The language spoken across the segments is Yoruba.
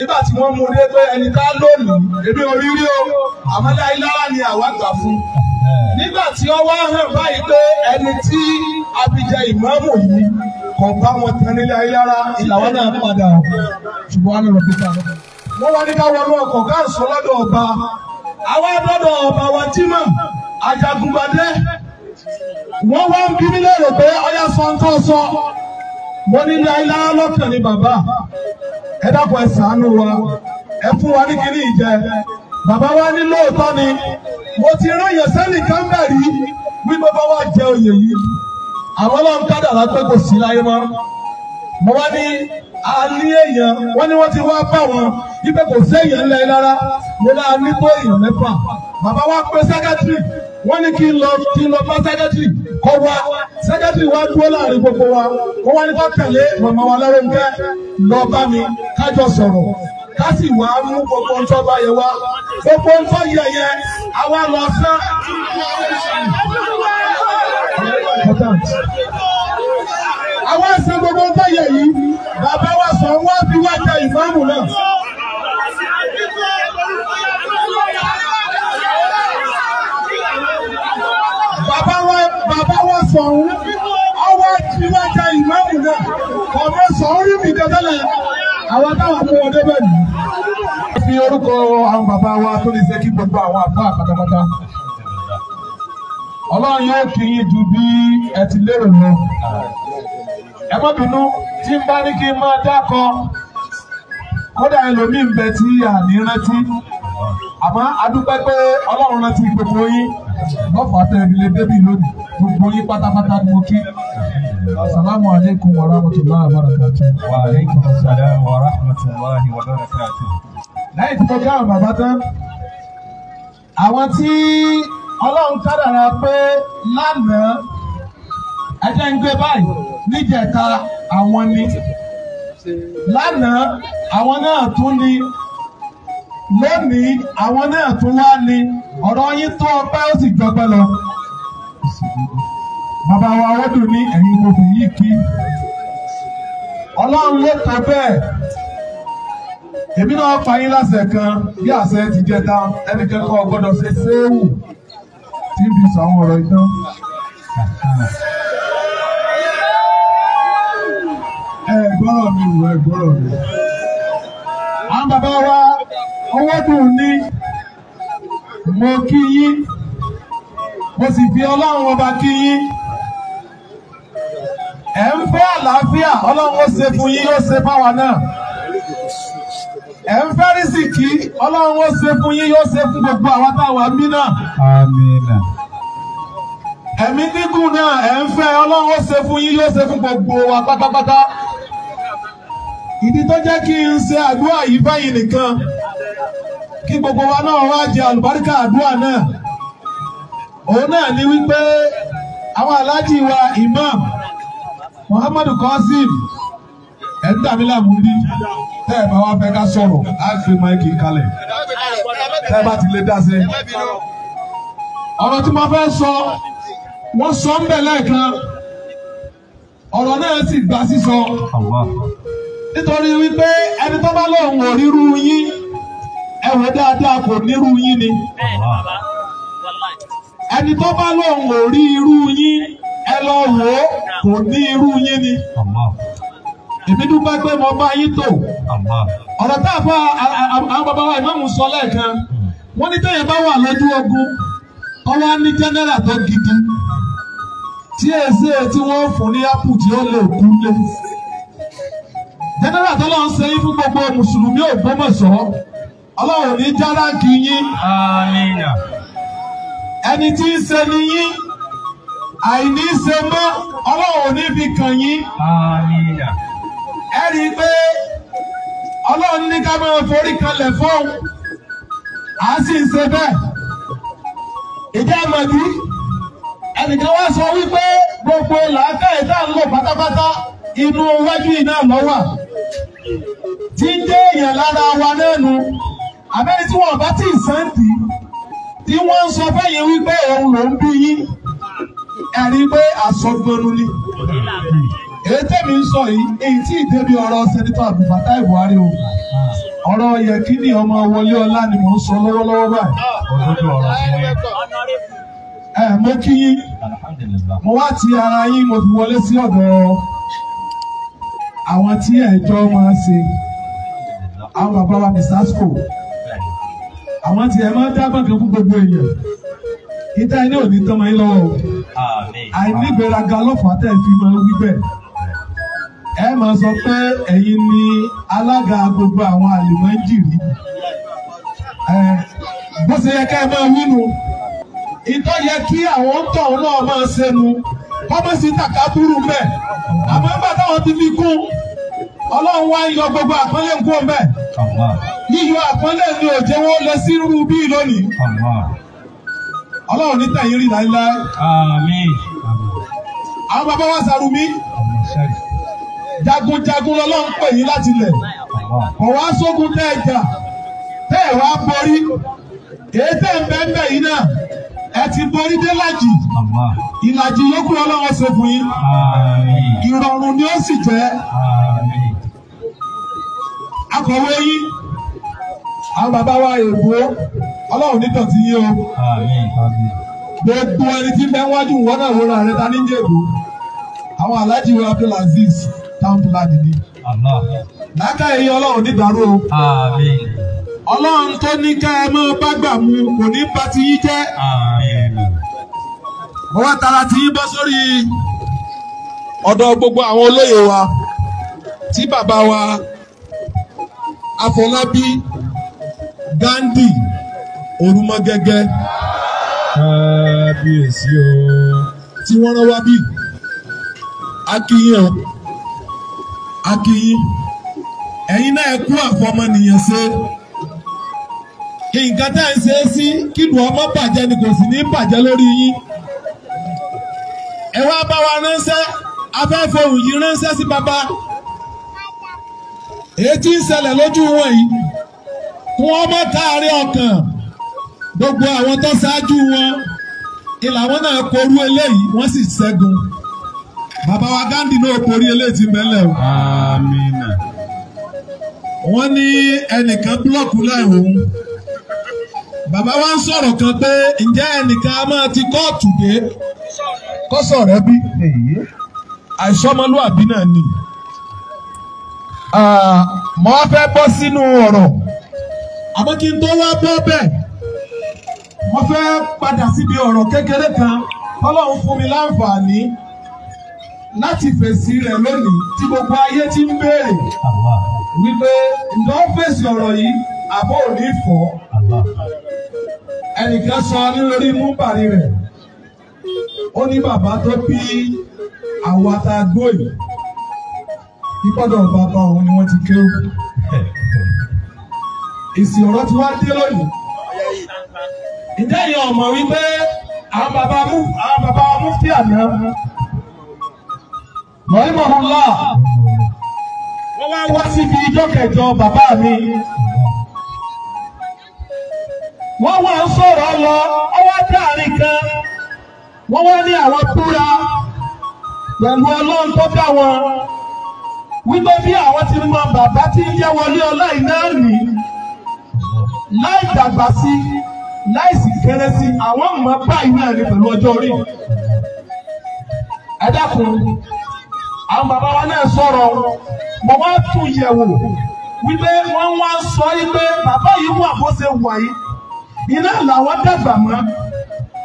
nígbà tí wọ́n mú un dé pé ẹni tá lónìí ebi oríire o àmọ́ láìlára ni àwa gbà fún. nígbà tí ó wá hàn báyìí pé ẹni tí abijá ìmáàmù yìí kò bá wọn tán ní láìlára ìlàwọ́ náà padà o ṣùgbọ́n a lọ pípa. wọ́n wá ní ká wọnú ọkọ̀ káàsó lọ́dọ̀ ọba àwa lọ́dọ̀ ọba wa jímọ̀ Àjàgùnbádé wọ́n wá ń bí mi lérò pé ọyá sọ ń tọ́ sọ mo ní láìlára lọ́kàn ní bàbá ẹ dákun wa ẹ fún wa ní kíní ìjẹ bàbá wa ní lóòótọ́ ni mo ti rán yẹsẹ́nì kánbẹ̀ rí wípé bá wa jẹ oyè yìí àwọn náà ń kádàrá pé kò sí láyé mọ́ mo wá ní alí èèyàn wọ́n ní wọ́n ti wá bá wọn wípé kò sí èèyàn ńlẹ̀ rárá mo náà ní tó èèyàn mẹ́fà bàbá wa pé sẹ́kẹ́tìrì wọ́n ní kí n lọ kí n lọ bá sẹ́kẹ́tìrì kọ́ wa sẹ́kẹ́tìrì wa dúró láàrin gbogbo wa kó wá ní ká tẹ̀lé màmá wa Lárẹ́nkẹ́ lọ bá mi kájọ sọ̀rọ̀ ká sì wá mú gbogbo ntọ́ bá yẹ wá gbogbo ntọ́ yẹ yẹ àwa lọ sán. àwa san gbogbo ntọ́ yẹ yìí bàbá wa sọ wọ́n fi wá jẹ ìmáàmù náà. sọ̀hún ọwọ́ ìwé ẹ̀ka ìmáàmù náà ọ̀dọ́ mi tẹ́tẹ́lẹ̀ àwọn táwọn fún wọn débẹ̀ nù. fi orúkọ àwọn bàbá wa tó lè kí gbogbo àwọn àbá àpàtàpàtà ọlọ́run yóò kí yín ju bí ẹ ti lérò lọ. ẹ má bínú tí bá ní kí n máa dákọ kódà bẹ tí rántí gbogbo yín pátápátá ni mo kí asalaamu aleykum wa rahmatulahi wa barakatuh. wa aleykum salaam wa rahmatulahi wa barakatuh. lẹ́yìn tí mo bàbá tán àwọn tí ọlọ́run kádàrá pé lánàá ẹjẹ́ ń gbé báyìí níjẹ̀ta àwọn ni lánàá àwọn náà tún ni lónìí àwọn náà tún wá ni ọ̀rọ̀ yín tó ọpẹ́ ó sì jọpẹ́ lọ bàbá wa wọ́dùn ní ẹ̀yin mo fi yí kí ọlọ́run ló tó bẹ́ẹ̀ èmi náà pa yín láṣẹ kan bí àṣẹ ti jẹ ta ẹnikẹ́ni kò gbọ́dọ̀ ṣe séwù tí n fi sọ àwọn ọ̀rọ̀ idán. ẹ mi wò ẹ mi. àwọn bàbá wa ọwọ́dùn ní mo kí yín mo sì fi ọlọ́run ọba kí yín ẹ̀ ń fẹ́ àlàáfíà ọlọ́run ó ṣe fún yín ó ṣe fáwa náà ẹ̀ ń fẹ́ rísìkì ọlọ́run ó ṣe fún yín ó ṣe fún gbogbo àwa táwa mí náà. àmín. ẹ̀mí gígùn náà ẹ̀ ń fẹ́ ọlọ́run ó ṣe fún yín ó ṣe fún gbogbo wa pátápátá. ìdí tó jẹ́ kí n ṣe àdúrà yìí báyìí nìkan kí gbogbo wa náà wá jẹ àlùbáríkà àdúrà náà òun náà ni wípé àwọn aláàjì wa imam muhammadu qasim ẹ̀ń dàbí làmúdí tẹ́ ẹ̀ bá wá fẹ́ ká sọ̀rọ̀ á gbé máìkì kalẹ̀ tẹ́ ẹ bá ti lè dáṣẹ́. ọ̀rọ̀ tí mo fẹ́ sọ wọ́n sọ ń bẹ̀ lẹ́ẹ̀kan ọ̀rọ̀ náà sì gba sísọ nítorí wípé ẹni tó bá lóun ò rírú yín ẹ̀wọ̀n dáadáa kò nírú yín ni. Allah. ẹni tó bá lóun ò rí irú yín ẹ lọ wò ó kò ní ni èmi dúpẹ́ pé mo bá yín tò ọ̀rọ̀ tá a fa àwọn bàbá wa ìmáàmù sọ lẹ́ẹ̀kan hmm. wọ́n ní bá ogun tó ní jẹ́nẹ́rà tó gidi tí èsì tí wọ́n fún ní ápù tí ó lè kú lé jẹ́nẹ́rà tó lọ́n ṣe yín gbogbo mùsùlùmí Ògbómọ̀ṣọ́ Ọlọ́run ní járáǹkì yín. ẹni tí ń ṣe ni yín àìní ṣe mọ́ ọlọ́run níbi kan yín. ẹ rí i pé ọlọ́run ní ká máa forí kanlẹ̀ fóun à á sì ń ṣe bẹ́ẹ̀. ìjà àmàdí ẹnìkan wá sọ wípé gbogbo làákàyè tá à ń lò pátápátá inú wájú iná lọ wà tí ń dé èèyàn lára wa náà nu àbẹ́rẹ́ tí wọ́n bá ti sàn dì í tí wọ́n ń sọ fẹ́yìn wípé òun ló ń bí yín ẹ̀rí pé àsọgbọnú ni. èyí tẹ̀mí ń sọ yìí èyí tí ìdébi ọ̀rọ̀ sẹ́nitọ́ Abdulfatai Buhari o ọ̀rọ̀ yẹ kí ni ọmọ wọlé ọlá ni mò ń sọ lọ́wọ́lọ́wọ́ báyìí. ẹ mo kí yín mo wá ti ara yín mo fi wọlé sí ọ̀dọ̀ àwọn tí ẹ̀jọ́ máa ṣe àwọn bàbá wa Mr. Asco àwọn ti ẹ máa dábàá kan fún gbogbo èèyàn ìta ẹni ò ní tán máa ń lọ́wọ́ àìnígbéraga lọ́fàá tẹ̀ fi máa wí bẹ́ẹ̀ ẹ máa sọ pé ẹ̀yin ni alága gbogbo àwọn àlùmọ́ńjìrì bó ṣe yẹ ká ẹ máa wí nu ìtọ́ yẹ kí àwọn ń tọ̀ náà máa ṣẹnu kọ́mọ́sí tàkà burú mbẹ́ àmọ́ nígbà táwọn ti fi kún ọlọ́run wá ń yọ gbogbo àpọ́nlé ń kú mbẹ́ yíyọ àpọ́nlẹ̀ ni ò jẹ́ wọ́n lọ sí irú bí lónìí. ọlọ́run ní tàyín rí láéláé. àmín. àwọn bàbá wa Sàrùmí. jagunjagun lọ́lọ́run pè yín láti lẹ̀. kò wá sógun tẹ́ ẹ jà tẹ́ ẹ wá borí. èyí tẹ́ ń bẹ́ẹ̀ bẹ́ẹ̀ yín náà ẹ ti borí dé lájì ìlàjì yòókù ọlọ́wọ́ ṣe fún yín ìrọ̀rùn ni ó sì jẹ́ akọ̀wé yín àwọn bàbá wa èbú ọlọ́run ní yín o gbogbo ẹni tí bẹ́ẹ̀ wájú ta ní àwọn ọlọ́run nígbàrú o ọlọ́run tó ní ká ẹ mọ́ bá mu kò ní bá ti yín jẹ́ mo wá tara ti yín bọ́ sórí ọ̀dọ̀ gbogbo àwọn olóyè wa tí bàbá wa Afọlábí. Gandhi Orúmọgẹ́gẹ́ kábíyèsí o tí wọ́n rán wá bí akíyàn akíyìn ẹ̀yin náà ẹ kú àfọmọnìyàn ṣe nǹkan tá à ń ṣe é sí kílù ọmọ bàjẹ́ ni kò sì ní bàjẹ́ lórí yín ẹ wá bá wa ránṣẹ́ afẹ́fẹ́ òun ránṣẹ́ sí bàbá èyí tí ń ṣẹlẹ̀ lójú wọn kí wọ́n má ọkàn gbogbo àwọn tó ṣáájú wọn ìlà náà korú eléyìí wọ́n sì ṣẹ́gun bàbá wa Gandhi náà korí eléyìí ti mẹ́lẹ̀ o. amina. wọ́n ní ẹnìkan búlọ̀kù láìwọ̀n bàbá wa ń sọ̀rọ̀ kan pé ǹjẹ́ ẹnìkan a máa ti kóòtù dé kọ́sọ̀ rẹ bí àìsọ́mọlúàbí náà ni. mo wá fẹ́ bọ́ sínú ọ̀rọ̀ àmọ́ kí n tó wá bọ́ bẹ́ẹ̀ mo fẹ́ padà síbi ọ̀rọ̀ kékeré kan Ọlọ́run fún mi láǹfààní láti fèsì rẹ̀ lónìí tí gbogbo ayé ti ń béèrè wípé ǹjọ́ fèsì ọ̀rọ̀ yìí àbọ̀ ò ní fọ́ ẹnìkan sọ nílórí múbàrí rẹ̀ ó ní bàbá tó bí àwọn atagbó yìí ìgbọ́dọ̀ bàbá òun ni wọ́n ti kéwù èsì ọ̀rọ̀ ti wá dé lónìí. ǹjẹ́ ìyẹn ọmọ wípé àwọn bàbá àwọn bàbá wa mufti àná. mọ̀lẹ́mọ̀lá wọ́n wá wá síbi ijó kẹjọ bàbá mi. wọ́n wá ń sọ̀rọ̀ lọ ọwọ́ dáàrin kan wọ́n wá ní àwọn búra pẹ̀lú ọlọ́run tó dá wọn wípé bí àwọn ti mọ bàbá tí ń yẹ wọlé ọlá ìnáà nìí láì dàgbà sí láì sì kéré sí àwọn ọmọ báyìí náà ní pẹ̀lú ọjọ́ orí ẹ dákun àwọn bàbá wa náà sọ̀rọ̀ mo wá tún yẹ̀wò wípé wọ́n wá sọ wípé bàbá yìí wà bó ṣe wà yìí iná làwọn dàgbà mọ́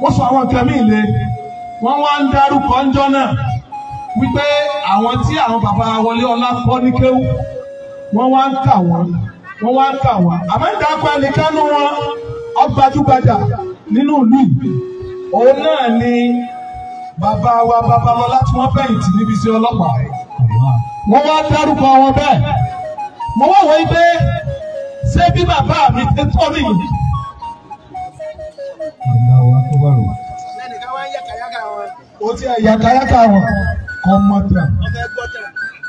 wọ́n sọ àwọn nǹkan míì le wọ́n wá ń darúkọ ńjọ́ náà wípé àwọn tí àwọn bàbá wọlé ọlá kọ́ ní kéwú wọ́n wá ń kà wọ́n wọ́n wá ń kà wá àmọ́ ìdákọ ẹnìkanú wọn ọgbajúgbajà nínú ìlú òun náà ni bàbá wa babalọlá tí wọ́n fẹ̀yìntì níbi iṣẹ́ ọlọ́pàá wọ́n wá dárúkọ wọn bẹ́ẹ̀ mo wá wọ ibẹ̀ ṣé bí bàbá mi ti tọ́ mi yìí. o ti ẹ̀ yàkàyàkà wọn kọ́ mọ́tà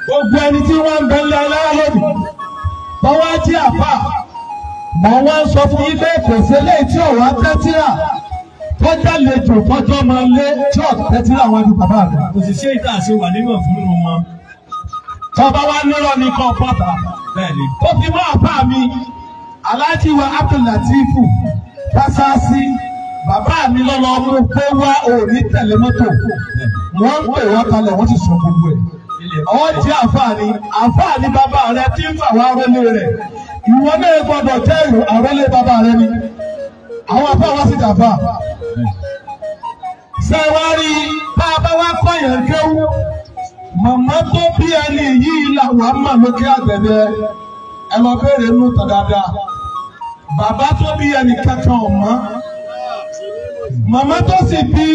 gbogbo ẹni tí wọ́n ń bẹ́ńlẹ̀ aláàlọ́dún tọ́wọ́ jẹ́ àfà mọ̀ wá sọ fún yín pé kò sí eléyìí tí ọ̀wá tẹ́tírà tọ́jà lejò tọ́jọ́ máa lé church tẹ́tírà wọn ju bàbá rẹ̀. kò sì ṣe ìta àṣẹ wà nínú ọ̀fun wọn. tọ́ba wa nírọ̀ ní kan pọ́tà. bẹ́ẹ̀ni. ó fi mọ́ àfà mi aláàjì wa Abdul-Latifu Basasi bàbá mi lọ́lọ́ mú pé wá òní tẹ̀lé mọ́tò wọ́n ń pè wá kalẹ̀ wọ́n ti sọ gbogbo ẹ̀ ọ̀ jẹ́ àfààní àfààní bàbá rẹ tí ń fà wá rọlé rẹ ìwọ náà gbọdọ̀ jẹ́ àrọlé bàbá rẹ ni àwọn afá wa sì dàbà. ṣé wàá rí bá a bá wá kọ̀yàn kéwú màmá tó bí ẹni yìí làwọn á mà lókè àgbẹ̀dẹ ẹ lọ béèrè nù tán dáadáa bàbá tó bí ẹni kankan ọ̀mọ́ màmá tó sì bí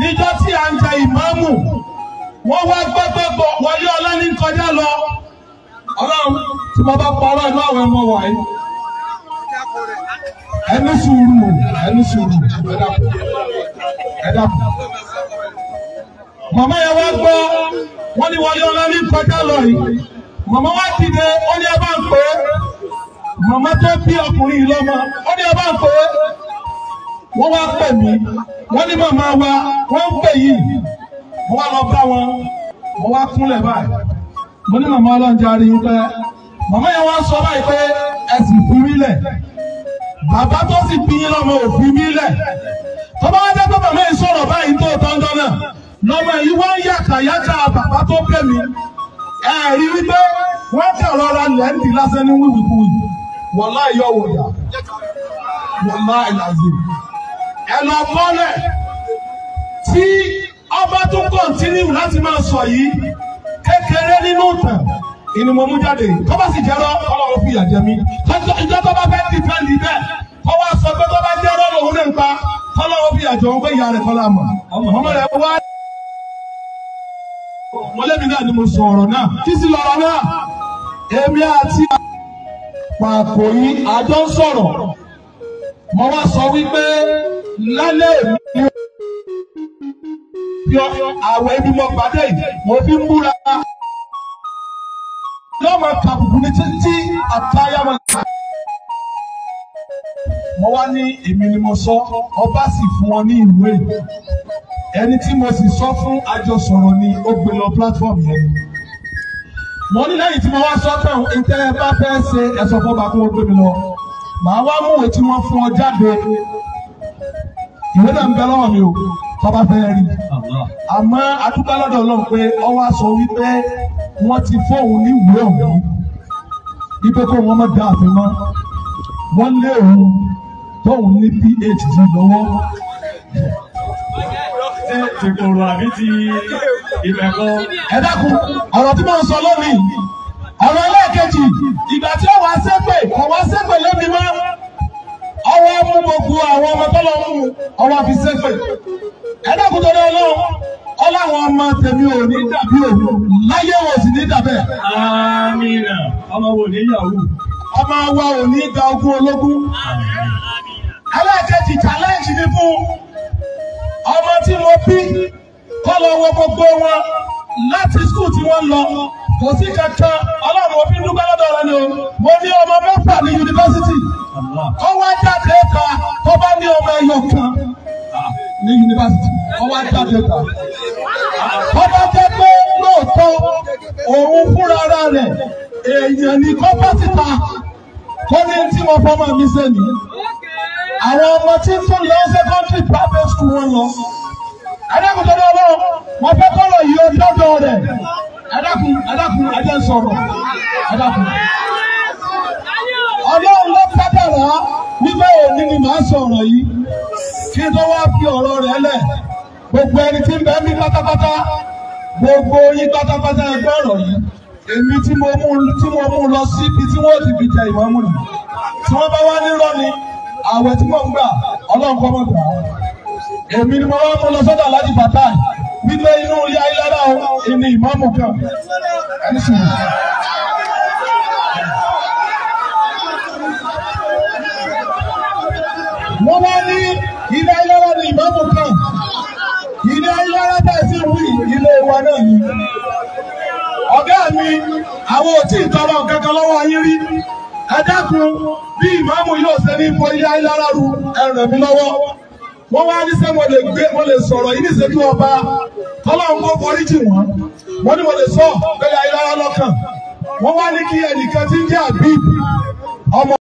níjọ́ tí à ń jẹ ìmáàmù wọ́n wá gbọ́gbọ́gbọ́ wọlé ọlá ní kọjá lọ ọlọ́run tí mo bá parọ́ inú àwọn ẹ̀mọ́ wọ̀nyí. ẹni sùúrù ẹni sùúrù ẹ dàpọ̀ màmá yẹn wá gbọ́ wọ́n ní wọlé ọlá ní kọjá lọ yìí màmá wá dìde ó ní ẹ bá ń pè é màmá tó bí ọkùnrin yìí lọ́mọ ó ní ẹ bá ń pè é wọ́n wá pè mí wọ́n ní màmá wa wọ́n ń pè yìí mo wá lọ bá wọn mo wá kúnlẹ̀ báyìí mo ní màmá ọlọ́njà rí i pé màmá yẹn wá sọ báyìí pé ẹ sì fi mí lẹ̀ bàbá tó sì fi yín lọ́mọ ò fi mí lẹ̀ tó bá wá jẹ́ pé màmá yìí sọ̀rọ̀ báyìí tó tọ́jọ́ náà lọ́mọ yìí wọ́n yàtà yàtà bàbá tó pè mí ẹ̀rí wípé wọ́n kà lọ́ra lẹ́ǹdì lásán ní wíwíkú yìí wọ́lá ìyọ̀ wòyà wọ́lá ìlàzì ẹ̀ lọ mọ́lẹ̀ tí ọba tún kọ̀ntínú láti máa sọ yìí kékeré nínú ìtàn ìní mo mú jáde tó bá sì jẹ́rọ́ ọlọ́run fìyà jẹ mí ìjọ tó bá fẹ́ dìpẹ́ndì bẹ́ẹ̀ kó wá sọ pé tó bá jẹ́rọ́ lòun náà ń pa ọlọ́run fìyà jọ ń pé ìyá rẹ̀ kọ́lá mọ̀ ọmọ rẹ̀ wá. mọ̀lẹ́bí náà ni mo sọ ọ̀rọ̀ náà kí sì lọ̀rọ̀ náà èmi àti pàpò yìí àjọ ń sọ̀rọ̀ mo wá sọ wípé lálẹ́ mi yọ àwẹ̀ ibi mọ̀ gbàdé yìí mo fi ń múra. lọ́mọ kàbùkù ní títí àtàyà wọn. mo wá ní èmi ni mo sọ ọba sì fún ọ ní ìwé ẹni tí mo sì sọ fún àjọsọ̀rọ̀ ni ó gbé lọ platform yẹn mo ní lẹ́yìn tí mo wá sọ pé ntẹ́ bá fẹ́ ṣe ẹ̀sọ́ fún ọba kó o gbé mi lọ màá wá mú ìwé tí wọ́n fún ọ jáde ìwé náà ń bẹ lọ́wọ́ mi o tọ́ba fẹ́ rí àmọ́ adúgbò lọ́dọ̀ Ọlọ́run pé ọwọ́ aṣọ wípé wọ́n ti fóun ní ìwé ọ̀hún ipe kó wọn má da àfin mọ́ wọ́n lé òun tóun ní phd lọ́wọ́ ti kòrò àbí ti ìmẹ̀kọ. ẹ dákun ọ̀rọ̀ tí mò ń sọ lónìí ọ̀rọ̀ ẹlẹ́ẹ̀kejì ìgbà tí ó wá ṣépè kò wá ṣépè lónìí mọ́. ọwọ́ mú gbogbo àwọn ọmọ tọ́lọ mú ọwọ́ fi ṣépè ẹ̀dàkùtọ̀ náà lọ ọláwọn ọmọ tèmi ò ní dàbí òun láyé ní dàbẹ́. amina ọmọ wo yahoo. ọmọ wa ò ní challenge ni fún ọmọ tí mo bí kọ́ lọ wọ gbogbo wọn láti skul lọ. kò sí kankan ọlọ́run mo fi ń dúpẹ́ lọ́dọ̀ rẹ ni o mo ní ọmọ mẹ́fà ní yunifásitì ọwọ́ ajáde ta tó bá ní ọmọ ẹyọ kan ní yunifásitì ọwọ́ ajáde ta ọba jẹ́ pé lóòótọ́ òun fúnra rẹ̀ èèyàn ní kọ́pásítà kọ́ ní tí wọ́n fọ́ máa mi sẹ́ni àwọn ọmọ tí ń tún lọ secondary private school wọn lọ ẹ̀dẹ́gbẹ̀dẹ́gbẹ̀ wọn fẹ́ kọ́ lọ yí ọjọ́ rẹ̀ ẹ̀dàkùn ẹ̀dàkùn ẹ̀dẹ̀ ń sọ̀rọ̀ ẹ̀dàkùn. ọlọ́run ló kádàrá nígbà òní ni màá sọ̀rọ̀ yìí kí tó wá fi ọ̀rọ̀ rẹ̀ lẹ̀ gbogbo ẹni tí ń bẹ mí pátápátá gbogbo yín pátápátá ẹgbẹ́ ọ̀rọ̀ yìí èmi tí mo mú tí mo mú lọ síbi tí wọ́n ti fi jẹ ìmọ̀mù nì tí wọ́n bá wá nírọ̀ ni àwẹ̀ tí mò ń gbà ọlọ́run kọ́ mọ̀ gbà èmi ni mo wá mú lọ sọ́dọ̀ aláàjì yìí wípé inú ilé ayélujára ìní ìmọ̀ọ́mù kan ẹni sùn. wọ́n bá ní ilé ayélujára ni ìmọ̀ọ́mù kan ilé ayélujára bá ti wí ilé wa náà ni. ọ̀gá mi àwọn ò tí ì tọrọ kankan lọ́wọ́ ayé rí ẹ dákun bí ìmọ̀ọ́mù yóò ṣe ní ipò ilé ayélujára ru ẹ ràn mí lọ́wọ́ wọ́n wá ní sẹ́ mo lè gbé mo lè sọ̀rọ̀ yìí níṣẹ́ bí ọba ọlọ́run kó forí jì wọ́n wọ́n ní mo lè sọ bẹ́ẹ̀ ayélujára lọ́kàn wọ́n wá ní kí ẹnìkan ti ń jẹ́ àbí ọmọ.